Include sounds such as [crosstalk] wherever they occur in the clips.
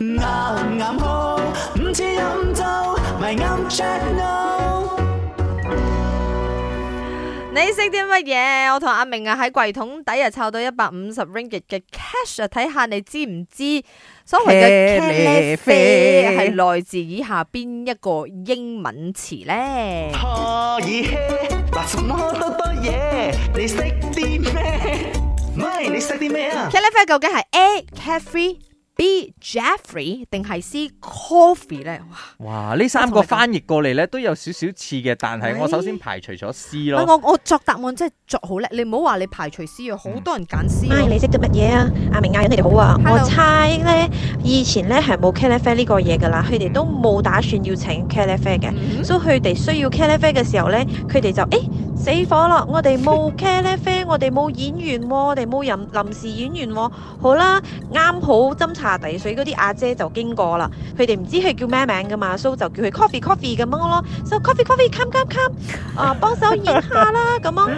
你識啲乜嘢？我同阿明啊喺櫃桶底啊湊到一百五十 ringgit 嘅 cash 啊，睇下你知唔知所謂嘅茄啡係來自以下邊一個英文詞咧？什麼多嘢？你識啲咩？你識啲咩啊？茄啡究竟係 a cafe B Jeffrey 定係 C Coffee 咧？哇！呢三個翻譯過嚟咧都有少少似嘅，但係我首先排除咗 C 咯、欸。我我作答案真係作好叻，你唔好話你排除 C 啊，好多人揀 C、嗯。你識得乜嘢啊？阿明，阿人你哋好啊！Hello? 我猜咧，以前咧係冇 cat cafe 呢個嘢噶啦，佢哋都冇打算要請 cat cafe 嘅，mm hmm. 所以佢哋需要 cat cafe 嘅時候咧，佢哋就哎。欸死火啦！我哋冇茄呢啡，我哋冇演員，我哋冇任臨時演員。好啦，啱好斟茶遞水嗰啲阿姐就經過啦，佢哋唔知佢叫咩名噶嘛，so 就叫佢 coffee、so, coffee coffee 咁、 [laughs] 啊、樣咯，so coffee coffee come come come，啊幫手演下啦咁樣。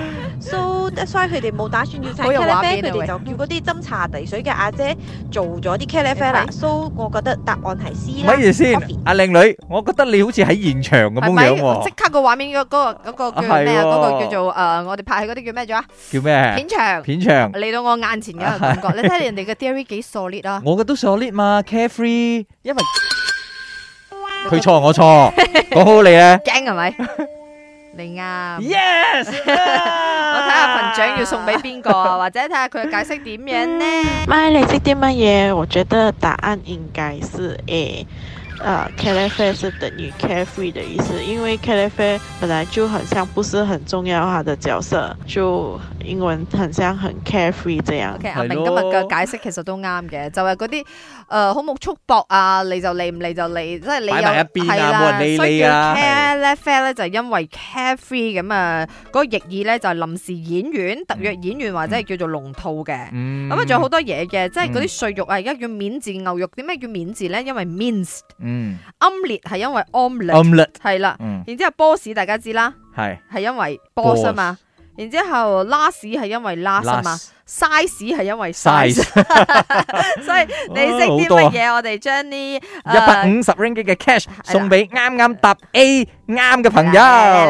So 一衰佢哋冇打算要請茄哩啡，佢哋就叫嗰啲斟茶遞水嘅阿姐做咗啲茄哩啡啦。So，我覺得答案係 C 啦。咪住先，阿靚女，我覺得你好似喺現場咁樣。即刻個畫面嗰個嗰個叫咩啊？嗰個叫做誒，我哋拍戲嗰啲叫咩做啊？叫咩？片場。片場。嚟到我眼前嘅感覺，你睇下人哋嘅 Derry 幾 solid 啊！我嘅都 solid 嘛，carefree。因為佢錯我錯，講好嚟啊！驚係咪？你啱。Yes。獎要送俾邊個啊？ [laughs] 或者睇下佢嘅解釋點樣呢？咪你識啲乜嘢？ [noise] 我覺得答案應該是誒、uh,，誒 carefree 是等於 carefree 的意思，因為 carefree 本來就很像不是很重要，它的角色就英文很像很 carefree 啲啊。O Okay , K，咯阿明今日嘅解釋其實都啱嘅，就係嗰啲誒好冇束縛啊，嚟就嚟，唔嚟就嚟，即、就、係、是、你又係冇嚟嚟啊。啦茄喱啡咧就係、是、因為 carefree 咁啊，嗰、那個譯意咧就係、是、臨時演員、嗯、特約演員或者係叫做龍套嘅，咁啊仲有好多嘢嘅，即係嗰啲碎肉啊，而家叫免治牛肉，點解叫免治咧？因為 minced，奄列 m 係因為 omelet 係啦，嗯、然之後 boss 大家知啦，係係是因為 boss 啊嘛。然之後拉屎係因為拉屎嘛，size 係因為 size 所以、哦、你識啲乜嘢？哦、我哋將呢一百五十 ringgit 嘅 cash 送俾啱啱答 A 啱嘅朋友。叻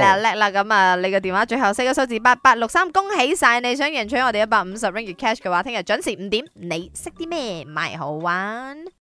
啦叻啦咁啊，你個電話最後四個數字八八六三，恭喜晒！你想贏取我哋一百五十 ringgit cash 嘅話，聽日準時五點，你識啲咩咪好玩？